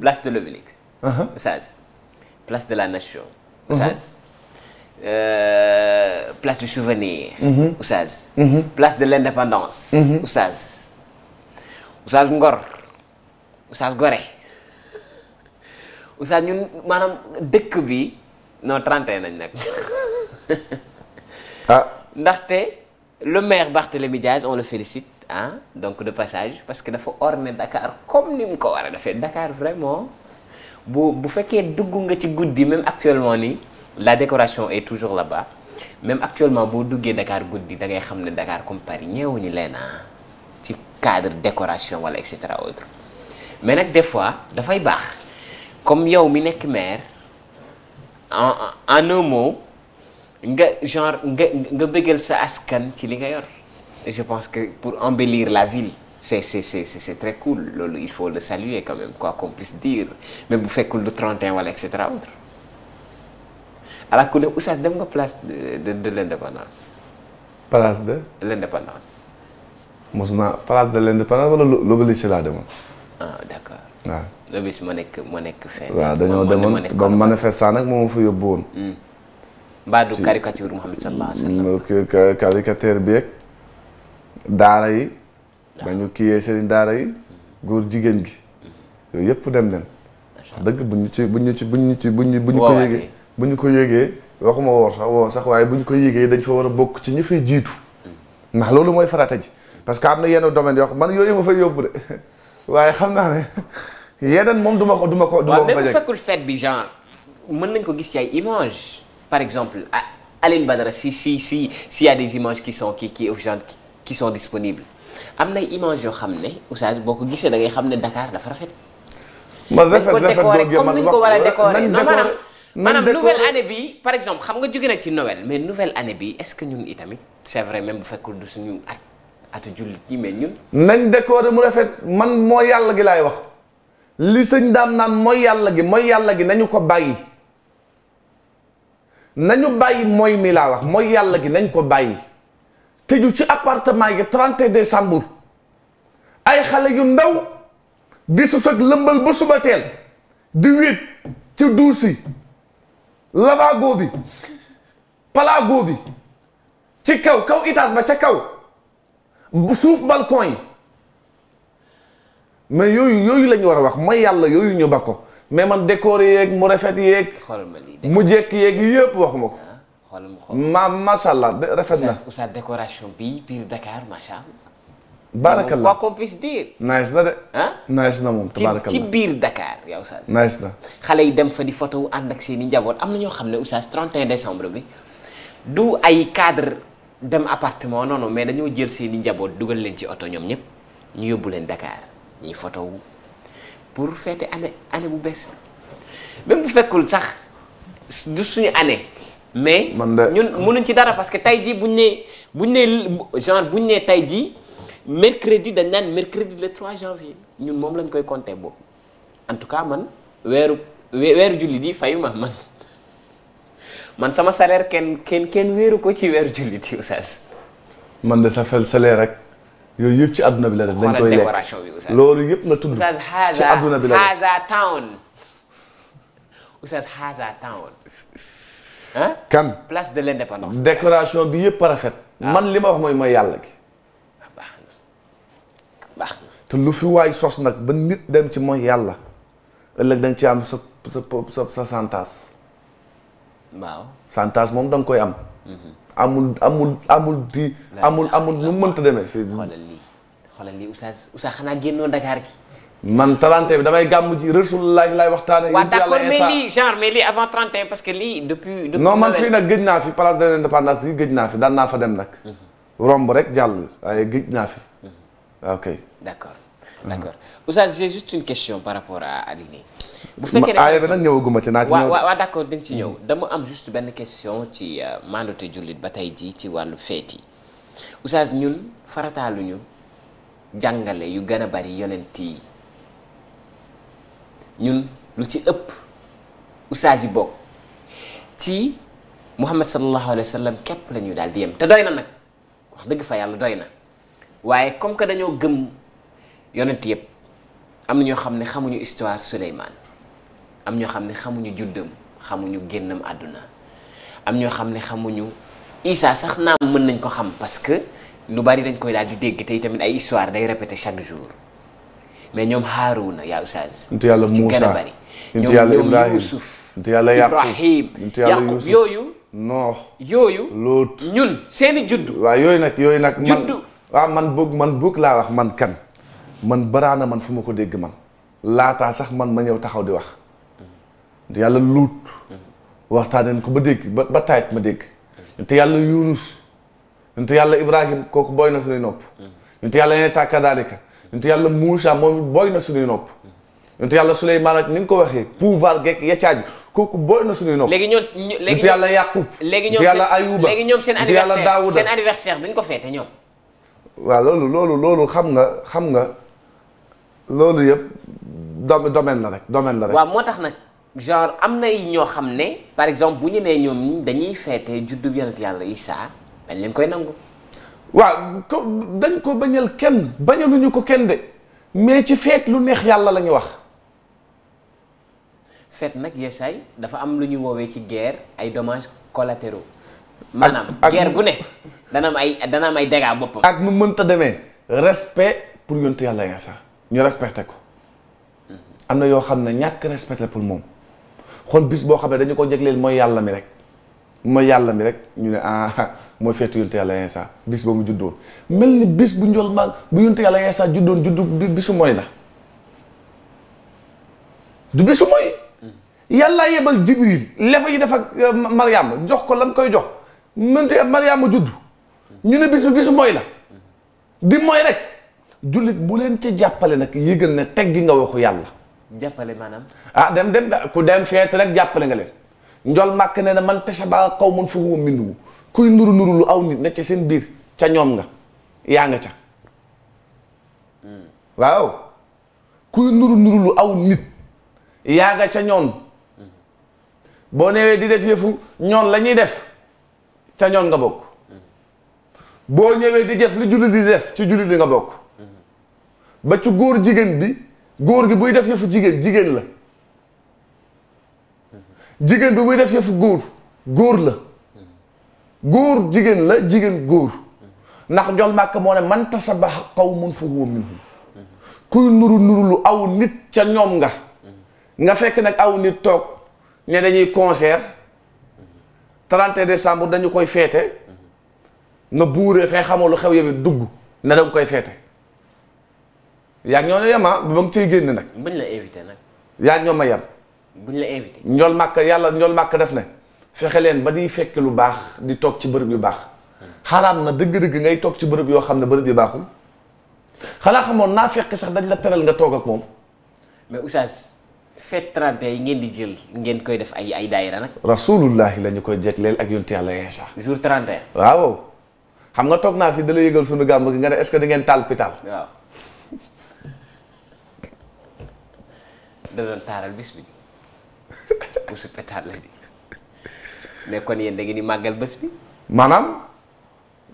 place de l'Obélisque. Uh-huh. oustaz place de la nation. Uh-huh. oustaz euh, place du souvenir. Uh-huh. oustaz. place de l'indépendance. oustaz oustaz Ngor oustaz Gorée. oustaz ñun maanaam dëkk bi non 31 nañ nag. ah ndaxte le maire Barthélémy Diaz on le félicite ah donc de passage parce que dafa orne Dakar comme ni mu ko war a defee Dakar vraiment bu bu fekkee dugg nga ci guddi même actuellement nii la décoration est toujours là-bas même actuellement boo duggee Dakar guddi da ngay xam ne dakaar comme Paris ñeewuñu leen ci cadre décoration wala et cetera nag des fois dafay baax. comme yow mi nekk maire en en un mot nga genre nga nga bëggal sa askan ci li nga yor je pense que pour embellir la ville c'est c'est c'est c'est très cool loolu il faut le saluer quand même quoi qu'on puisse dire même bu fekkul du 31 wala et cetera autre alors que ne Oustaz dem nga place de de de l'indépendance. place de. l'indépendance. mos naa place de l'indépendance wala l'obélisque laa demoon. ah d'accord. waaw nga bis ma nekk ma nekk fenn. dañoo demoon ba manifestant nag moo ma fa yóbbu woon. mbaa hmm. du caricature Muhammad hmm, sallallahu alayhi wasallam. bi ak daara yi. ba ñu kiyee seen daara yi. Hmm. góor jigéen gi. yooyu yëpp dem leen. dëgg buñ ñu ci buñ ñu ci buñ ñu ci buñ ñu. buñ ñu ko yëgee buñ ñu ko yëgee. waxuma woor sax woo sax waaye buñ ko yëgee dañ fa war a bokk ci ñi fay jiitu. ndax loolu mooy farata ji. parce que am na yenn domaine yoo man yooyu ma fay yóbbu de. waaye xam naa ne yeneen moom du ma ko du ma ko. du ma ko fa même fekkul fête bi genre mën nañ ko gis ci ay images par exemple ah, Aline Badara si si si si y a des images qui sont qui qui qui qui sont disponibles am na ay images yoo xam ne oustaz boo ko gisee dangay xam ne Dakar dafa rafet. man rafet rafet boobu yow man a décorer non maanaam. maanaam nouvelle année par exemple xam nga jóge na ci Noël mais nouvelle année bi est-ce que ñun itamit c'est vrai même bu fekkul du suñu at. atu jullit ñi mais ñun. nañ mu rafet man moo yàlla gi laay wax li sëñ daam naan moo yàlla gi mooy yàlla gi nañu ko bàyyi nañu bàyyi mooy mi laa wax mooy yàlla gi nañ ko bàyyi tëju ci gi yi de décembre ay xale yu ndaw di su lëmbal ba suba teel di wéet ci duus yi lavabo bi palaago bi ci kaw kaw étage ba ca kaw suuf balcon yi mais yooyu yooyu la war a wax mooy yàlla yooyu ñu ba ko mais man décor yeeg mu rafet yeeg. mu jekk yeeg yëpp waxuma ko. Ah, ma macha allah rafet na. sa décoration bi biir Dakar macha allah. baarakallah quoi qu'on puisse dire. nice na ah? na moom tabaarakallah biir Dakar yow Oustaz. nice na xale yi dem fa di photo ànd ak seen njaboot am na ñoo xam ne Oustaz 31 décembre bi du ay cadre dem appartement non noonu mais dañoo jël seeni njaboot dugal leen ci oto ñoom ñëpp ñu yóbbu leen dakaar ñuy photo pour fêter année année bu bees bi même bu fekkul sax du suñu année. mais ñun mënuñ ci dara parce que tey jii buñ nee buñ nee genre buñ nee tey jii mercredi dañ naan mercredi le 3 janvier ñun moom lañ koy compter boobu en tout cas man weeru weeru julli di fayu ma man. man sama salaire kenn kenn kenn wéeru ko ci weeru jullit yi oustaz man de sa fel salaire rek yooyu yëpp ci àdduna bi la def dañ koy lekk loolu yëpp na tudd ci adduna bi la def Haza Town oustaz Haza Town ah kan place de l'indépendance décoration bi yëpp rafet ah. man li ma wax mooy mooy yàlla gi ah, baax na baax na te lu fi waay sos nag ba nit dem ci mooy yàlla ëllëg dañ ci am sa sa sa sa santaas waaw chantage moom da nga koy am. Mhm. amul amul amul di. amul amul nu mu mënta demee. xoolal lii xoolal lii Oustaz Oustaz xanaa génnoo Dakar gi. man 31 bi damay gàmm ji Rasulullah laay waxtaanee. waaw d'accord mais lii genre mais lii avant 31 parce que lii depuis. depuis non man fii nag gëj naa fi place de l'indépendance yi naa fi daan fa dem nag. Mhm. romb rek jàll waaye gëj naa fi. Mhm. Ah, ok d'accord d'accord Oustaz j'ai juste une question par rapport à Aline. bu fekkee aaya bi nag ci naa ci ñëw waaw d' accord nga ci hmm. ñëw dama am juste benn question ci euh, mandate jullit ba tey jii ci wàllu feet yi oustaz ñun farataaluñu jàngale yu gën a bari yonent yi ñun lu ci ëpp ussage yi bokk ci muhammad sallallahu alayhi wa sallam képp la ñu daal di yem te doy na nag wax dëgg fa yàlla doy na waaye comme que dañoo gëm yonent yëpp am na ñoo xam ne xamuñu histoire Souleymane am ñoo xam ne xamuñu juddam xamuñu génnam àdduna am ñoo xam ne xamuñu Isa sax naam mën nañ ko xam parce que lu bari dañ koy daal di dégg tey tamit ay histoire day répété chaque jour mais ñoom Haaruna yaa Oustaz. ci gën a bari ñoom ñoom Yuusuf Ibrahim Yaqub yooyu. non yooyu. Loot ñun seeni juddu. waaw yooyu nag yooyu nag man juddu. waaw man boog man boog laa wax man kan man baraana man fu ma ko dégg man laataa sax man ma ñëw taxaw di wax. te yàlla luut waxtaaneen ko ba dégg ba ba taaj ma dégg te yàlla yunus te yàlla ibrahim kooku booy na suñuy nopp te yàlla Iisaa kadaalika te yàlla Muusaa moom booy na suñuy nopp te yàlla Suleymaan ak ni ko waxee pouvoir geek yeccaaj kooku booy na suñuy nopp léegi ñoom léegi yàlla Yaqub léegi ñoom yàlla Ayuba léegi ñoom seen anniversaire Daawuda seen anniversaire duñ ko feete ñoom waaw loolu loolu loolu xam nga xam nga loolu yëpp domaine la rek domaine moo tax nag genre am na nay ñoo xam ne par exemple bu ñu nee ñoom dañuy feete juddub yonent yàlla saa dañ leen koy nangu. waaw ko dañ ko bañal kenn bañaluñu ko kenn de mais ci feet lu neex yàlla la ñu wax. feet nag yeesaay dafa am lu ñuy woowee ci guerre ay dommages collatéraux. manaam guerre gu ne dana am ay dana am ay dégâts boppam. ak nu mënta demee respect pour yonent yàlla Isa ñu respecté ko. Mhm. am na yoo xam ne ñàkk respect la pour moom. kon bis boo xam ne dañu ko jagleel mooy yàlla mi rek mooy yàlla mi rek ñu ne ah, ah mooy feetu yonte yàlla Insa bis ba mu juddoo mel ni bis bu njool maag bu yonte yàlla Insa juddoon juddu bisu mooy la du bisu mooy yàllaa yebal jibril lefa yi def ak euh, Mariam jox ko lan koy jox mënte Mariam juddu ñu ne bis bi bisu mooy la di mooy rek jullit bu leen ci jàppale nag yëgal ne teggi nga waxu yàlla jàppale maanaam. ah dem dem da ku dem feet rek jàppale nga leen. njol màkk ne na man tasa ba xaw ma fu mu mindu kuy nuru nuru lu aw nit ca seen biir ca ñoom nga yaa nga ca. Hmm. waaw kuy nuru nuru lu aw nit yaa nga ca ñoom boo newee di def yëfu ñoom la def ca ñoon nga bokk hmm. boo ñëwee di def li jullit di def ci jullit li nga bokk hmm. ba ci góor jigéen bi. góor gi buy def yëfu jigéen jigéen la jigéen bi buy def yëfu góor góor la góor jigéen la jigéen góor ndax jol màkk moo ne man tasabax qawmun fa huwa minhum kuy nuru nuru lu aw nit ca ñoom nga nga fekk nag aw nit toog ne dañuy concert 31 décembre dañu koy feete nga buuree fay xamoo lu xew yëpp dugg ne danga koy feete yaa ñoo yem ah ba nga ciy génn nag. buñ la invité nag. yaa ñoo ma bu ñu la invité. ñool màkk yàlla ñool màkk def ne. fexe leen ba di fekk lu baax di toog ci bërëb yu baax. xaraam na dëgg-dëgg ngay toog ci bërëb yoo xam ne bërëb yu baaxul. xanaa xamoon naa fekk sax dañ la teral nga toog ak moom. mais oustaz. fête 31 yi ngeen di jël ngeen koy def ay ay daayira nag. rasulullah la ñu koy jegleel ak yonent Yàlla Iisaa. jour 31. waaw xam nga toog naa fi da la yëgal sunu gàmb gi nga ne est que da ngeen taal da doon taaral bis bi di mais kon yéen da ngeen di màggal bés bi. maanaam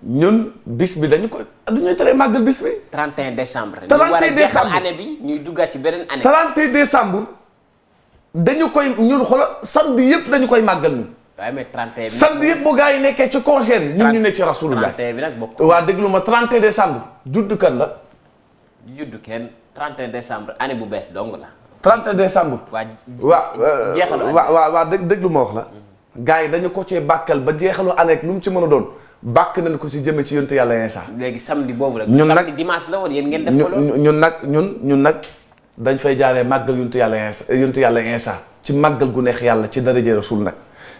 ñun bis bi dañu ko du ñuy tere màggal bis bi. 31 décembre. 31 décembre ñu war a jeexal bi ñuy duggaat ci beneen année. 31 décembre dañu koy ñun xoolal samedi yëpp dañu koy màggal ñu. waaye mais 31 bi samedi yëpp bu gaa yi nekkee ci congé yi. ñun ñu ne ci rasulullah 31 bi nag bokkul waa déglu ma 31 décembre. juddu kan la. juddu kenn 31 décembre année bu bees dong la. 30 décembre. waa euh, jeexal waa waa waa dëgg déglu ma wax la. gaa yi dañu ko cee bàkkal ba jeexalu année lu mu ci mën a doon. bàkk nañ ko ci jëme ci yonte yàlla Insa. léegi samedi boobu rek. ñun nag samedi la woon yéen ngeen def ñun nag ñun ñun nag dañ fay jaaree màggal yonte yàlla Insa yonte yàlla Insa ci màggal gu neex yàlla ci daraja Rasul nag.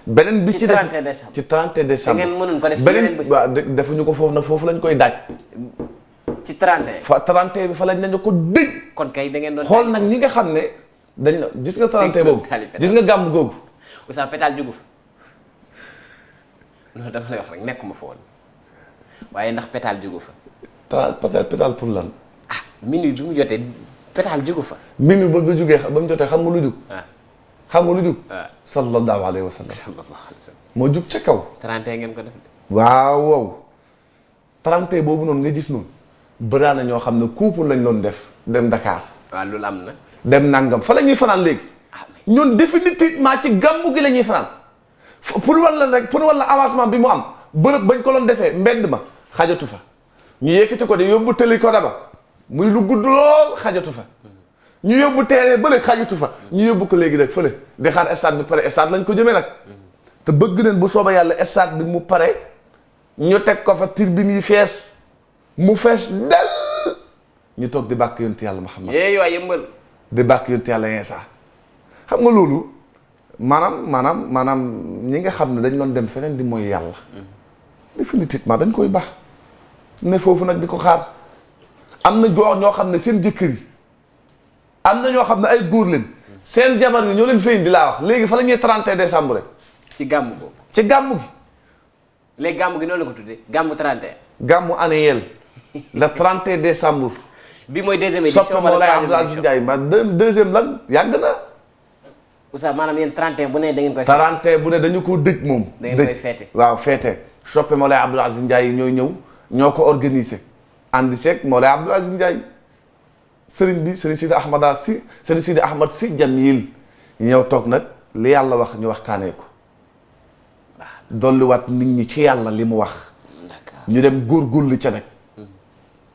beneen bi ci des ci 30 décembre ci 30 décembre. da ngeen mënoon ko def ci beneen bés. beneen waaw defuñu ko foofu nag foofu lañ koy daaj. ci 31. fa 31 bi fa lañ nañu ko dëj. kon kay da ngeen doon xool nag ñi nga xam ne dañ la gis nga 31 boobu gis nga gàmm googu. Oussa pétale jugu fa loolu dama lay nekkuma fa waaye ndax pétale jugu fa. pétale pour lan. ah minuit bi mu jotee fa. minuit ba ba jugee ba mu jotee xam nga lu jug. Ah. xam nga lu jug. waaw ah. sallallahu alayhi wa sallam. sallallahu alayhi moo jug ca kaw. 31 ngeen ko def. waaw waaw. boobu noonu nga gis noonu. bëraa na ñoo xam ne couple lañu doon def dem Dakar. waaw la am na. dem Nangam fa la ñuy fanaan léegi. Ah, ñun définitivement ci gàmmu gi la ñuy fanaan. pour walla rek pour walla avancement bi mu am bërëb bañ ko loon defee mbedd ma xajatu fa. ñu yëkkati ko de yóbbu tëli ko daba muy lu gudd lool xajatu fa. ñu yóbbu teeree bële xajatu fa. ñu yóbbu ko léegi nag fële di xaar stade bi pare stade lañ ko jëmee nag. te bëgg nañ bu soobee yàlla stade bi mu pare ñu teg ko fa tribune yi fees. mu fees del ñu toog di bàkk yonent yàlla Muhammad yee waay yëmbal di bàkk yonent yàlla Iisaa xam nga loolu maanaam maanaam maanaam ñi nga xam ne dañ doon dem feneen di mooy yàlla définitivement dañ koy baax ne foofu nag di ko xaar am na góor ñoo xam ne seen jëkkër am na ñoo xam ne ay góor leen seen jabar yi ñoo leen feeñ di laa wax léegi fa la ñuy 31 décembre rek ci gàmm ci gàmm gi léegi gàmm gi noonu la ko tuddee gàmmu 31 gàmmu annuel le 31 décembre. bi mooy deuxième édition soppe Mawlaay Abdou Aziz Ndiaye ma deuxième lan yàgg na. Oustaz maanaam yéen 31 bu ne da ngeen koy. 31 bu ne dañu ko dëj moom. da ngeen koy féete waaw féete. soppe Mawlaay Abdou Aziz Ndiaye ñooy ñëw ñoo ko organisé. ànd seeg Mawlaay Abdou Aziz Ndiaye sëriñ bi sëriñ Sidi Ahmada si sëriñ Sidi Ahmad si Jamil ñëw toog nag li yàlla wax ñu waxtaanee ko. dolliwaat nit ñi ci yàlla li mu wax. ñu dem góor ca nag.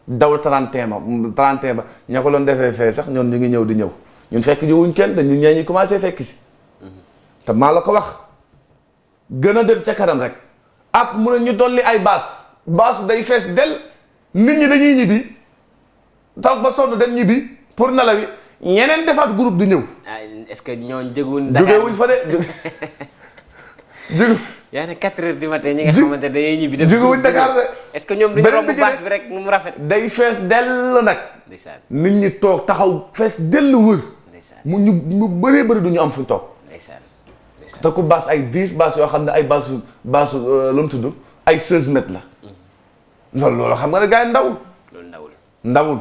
daw 31 ba 31 ba ña ko doon defee fee sax ñoom ñu ngi ñëw di ñëw ñun fekk ñu wuñ kenn dañuy ñee ñi commencé fekk si te la ko wax gën a dem ca kanam rek ab mun a ñu dolli ay baas baas day fees del nit ñi dañuy ñibbi taw ba sonn dem ñibbi pour nalawi ñeneen defaat groupe di ñëw. Ah, est-ce que ñooñu jógewuñ. Dakar jógewuñ fa de jóge. yaa ne 4 heures du matin ñi nga xamante que ñoom dañu romb bâche bi rek day fees dell nag ndeysaan nit ñi toog taxaw fees dell wër mu ñu mu bëree bëri du ñu am fuñ toog ndeysaan te ku bâche ay 10 bâche yoo xam ne ay bâche bâche euh, lu mu tudd ay 16 mètres la mm-hmm. loolu loolu xam nga ne gars yi ndawul loolu ndawul ndawul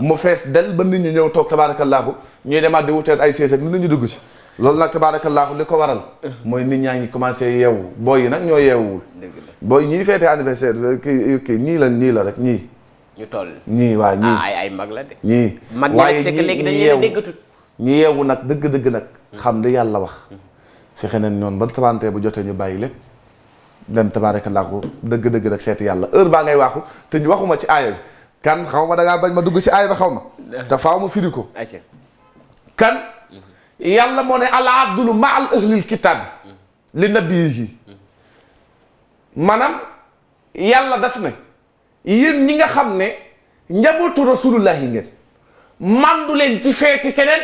mu fees del ba nit ñi ñëw toog tabaarakallaahu ñuy demaat di wuteet ay 16 ak nit ñu dugg ci loolu nag tabaarakallaahu li ko waral mooy nit ñaa ngi commencé yeewu booy yi nag ñoo yeewuwul booy ñii feete anniversaire kii kii ñii la ñii la rek ñii ñu toll ñii waa ñii ah, ay ay mag la ñii mag ñi nag c'est que léegi dañ leen yeewu nag dëgg-dëgg nag xam li yàlla wax fexe nañ ñoon ba trente bu jotee ñu bàyyi lépp dem tabaarakallaahu dëgg-dëgg nag seet yàlla heure baa ngay waaxu te ñu waxuma ci aaya bi kan xaw ma da bañ ma dugg ci aaya ba xaw ma te faaw ma firi ko kan yàlla moo ne al adlu ma al ahlil kitaab li nabiyihi maanaam yàlla daf ne yéen ñi nga xam ne njabootu rasulullah yi ngeen mandu leen ci feeti keneen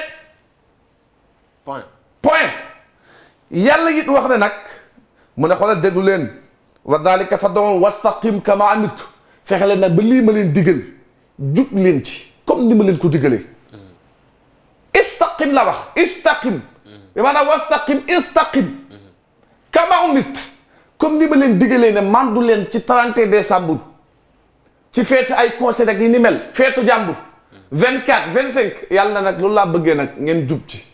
point point yàlla it wax ne nag mu ne xoolal déglu leen wa dalika fa doon wastaqim kama amirtu fexe leen nag ba lii ma leen digal jub leen ci comme ni ma leen ko digalee istaqim la wax istaqim bi maanaam wastaqim istaqim kama umirta comme ni ma leen digalee ne mandu leen ci 31 décembre ci feetu ay conseil ak yi ni mel feetu jàmbur 24 25 yàlla na nag loolu laa bëggee nag ngeen jub ci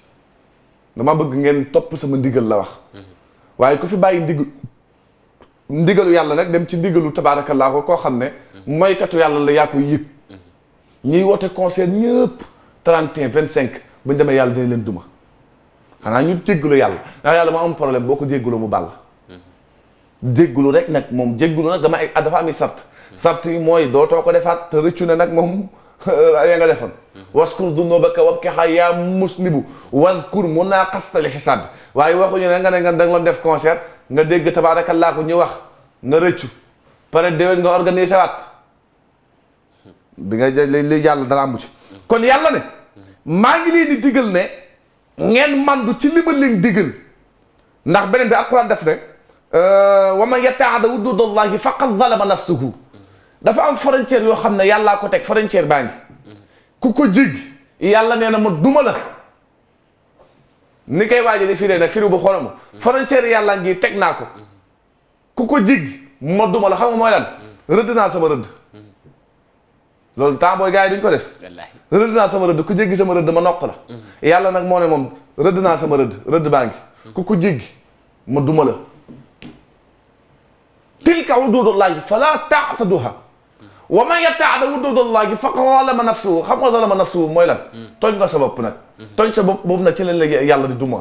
ma bëgg ngeen topp sama ndigal la wax waaye ku fi bàyyi ndig ndigalu yàlla nag dem ci ndigalu tabaarakallaa ko koo xam ne moykatu yàlla la yaa koy yëg ñiy woote concert ñëpp 31 25 bu ñu demee yàlla dina leen duma xanaa ñu jéggalu yàlla ndax yàlla moo am problème boo ko jéggalu mu bàll jéggalu rek nag moom jéggalu nag dama ay ah, dafa am i sart sart yi mooy dootoo ko defaat te rëccu na nag moom yaa nga defoon waskur dunóobaka wab ke xaa yaa mus ni bu wadkur mun naa xastali xisaab waaye waxuñu ne nga ne nga da nga def concert nga dégg laa ko ñu wax nga rëccu pare déwén nga organiser waat bi nga li yàlla dara am ci kon yàlla ne maa ngi leen di diggal ne ngeen mandu ci li ma leen digal ndax beneen bi alquran def ne wa man yataada wududallahi faqad zalama nafsuhu dafa am frontière yoo xam ne yàllaa ko teg frontière baa ngi ku ko jig yàlla nee na ma duma la ni koy waaji di firee nag firi bu xoolama frontière yàllaa ngi teg naa ko ku ko jig ma duma la xam nga mooy lan rëdd naa sama rëdd loolu temps booy gars yi duñ ko def rëdd naa sama rëdd ku jéggi sama rëdd ma noq la mm-hmm. yàlla nag moo ne moom rëdd naa ma rëdd rëdd baa ngi ku ko jéggi ma duma la mm-hmm. tilka huduudullaahi falaa ta'taduuhaa wa man yata'adda huduudallaahi faqad zalama nafsahu xam nga zalama nafsahu mooy lan mm-hmm. tooñ nga sa bopp nag tooñ sa bopp boobu nag ci leen léegi yàlla di duma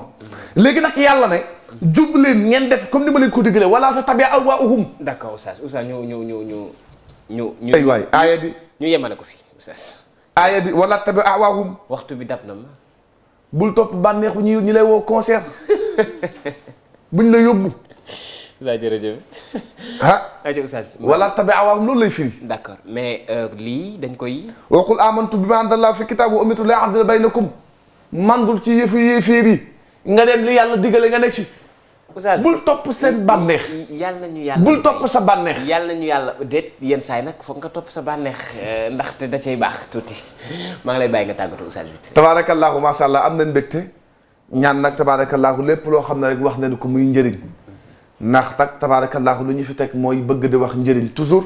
léegi nag yàlla ne jub leen ngeen def comme ni ma leen ko digalee wala tattabi'u ahwaa'ahum d'accord oustaz oustaz ñu ñu ñu ñu ñu ñu ay waay bi ñu yemale ko fi oustaz aaya bi wala tabi awaahum waxtu bi dab na ma bul topp bànneexu ñu ñu lay woo concert buñ la yóbbu oustaz jërëjëf ah aca oustaz wala tabi awaahum loolu lay firi d'accord mais euh, lii dañ koy waqul amantu bi ma anzala fi kitaab wa umirtu laa adila baynakum mandul ci yëfi yéeféer yi nga dem li yàlla digale nga nekk ci bul topp seen bànneex. yàlla na ñu yàlla bul sa bànneex. yàlla na ñu yàlla de yenn saay yi nag foog nga topp sa bànneex euh, ndaxte da cay baax tuuti maa ngi lay bàyyi nga tàggatoo Oustaz bi. tabaarakallaahu macha allah am nañ mbégte ñaan nag tabaarakallaahu lépp loo xam ne rek wax nañ ko muy njëriñ ndax nag tabaarakallaahu lu ñu fi teg mooy bëgg di wax njëriñ toujours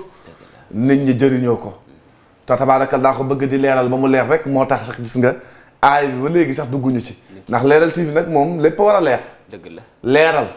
nit ñi jëriñoo ko te tabaarakallaahu bëgg di leeral ba mu leer rek moo tax sax gis nga aay bi ba léegi sax dugguñu ci ndax leeral TV nag war a leer dëgg la leeral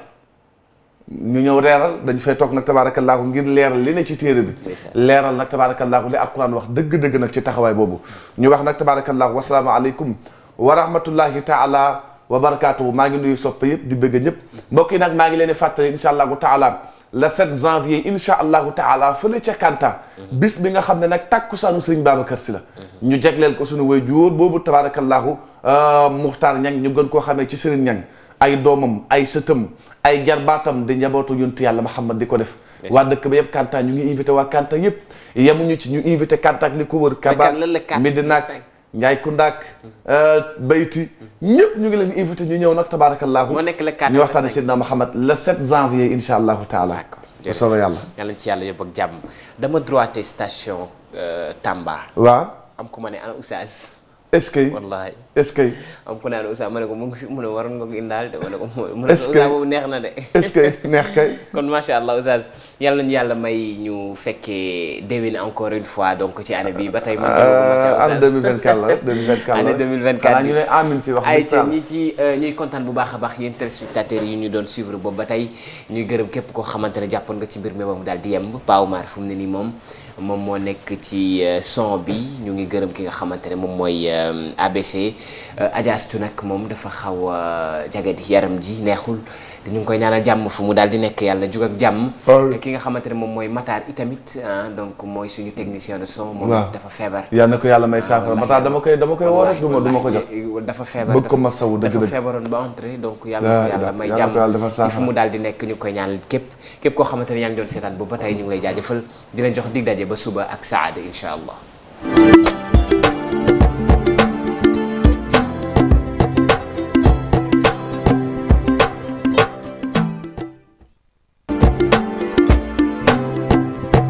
ñu ñëw leeral dañ fee toog nag tabaarakallaahu ngir leeral li ne ci téere bi leeral nag tabaarakallaahu li alquran wax dëgg-dëgg nag ci taxawaay boobu ñu wax nag tabaarakallaahu wasalaamu aleykum wa rahmatullahi taala wa barakaatu maa ngi nuyu sopp yëpp di bëgg ñëpp mbokk yi nag maa ngi leen di fàttali insha allahu taala le 7 janvier insha allahu taala fële ca Kanta mhm. bis bi nga xam ne nag tàkkusaanu sëriñ Babacar Si la mhm. ñu jegleel ko suñu waajur boobu tabaarakallaahu euh, Muxtaar Ñang ñu gën koo xamee ci sëriñ Ñang ay doomam ay sëtam ay jarbaatam di njabootu yontu yàlla Muhammad di ko def waa dëkk ba yëpp Kanta ñu ngi invité waa Kanta yëpp yemuñu ci ñu invité Kanta ak li ko wër Kaba Medina Njaay Kundaak mm-hmm. euh, Bayti ñëpp ñu ngi leen invité ñu ñëw nag tabaarakallaahu ñu waxtaane Seydina Muhammad le 7 janvier insha allahu taala bu soobee yàlla yàlla ci yàlla yóbbu ak jàmm dama droité station euh, Tamba waaw am ku ma ne ana ah, oustaz est-ce que wallaahi est que am ku naan Oussa ma ne ko mu ngi fi mu ne waroon nga ko indaal de ma ko mu ne Oussa boobu neex na de est-ce que neex kay kon macha allah Oustaz yàlla nañu yàlla may ñu fekkee déwén fois donc ci année bi ba tey man ah, année 2024 la 2024 année ci ñi ci euh, ñuy kontaan bu baax a baax yéen téléspectateurs yi ñu doon suivre boobu ba tey ñuy gërëm képp koo xamante ne jàppoon nga ci mbir mi ba mu daal di yemb Paa Omar ne nii moom moom moo nekk ci euh, son bi ñu ngi gërëm ki nga xamante ne moom mooy euh, ABC euh, Adja Astou nag moom dafa xaw a jagadi yaram ji neexul. te ñu ngi koy ñaanal jàmm fu mu daal di nekk yàlla jug ak jàmm ki nga xamante ne moom mooy Matar itamit ah, donc mooy suñu technicien de son moom dafa feebar yal na ko yàlla may saafara Matar dama koy dama koy woo rek duma ko jot dafa feebar bëgg ko masawu dëgg dafa feebaroon ba entré donc yàlla yàlla may jàmm ci fu mu daal di nekk ñu ngi koy ñaanal képp képp koo xamante ne yaa ngi doon seetaan boobu ba tey ñu ngi lay jaajëfal di leen jox dig daje ba suba ak saada incha allah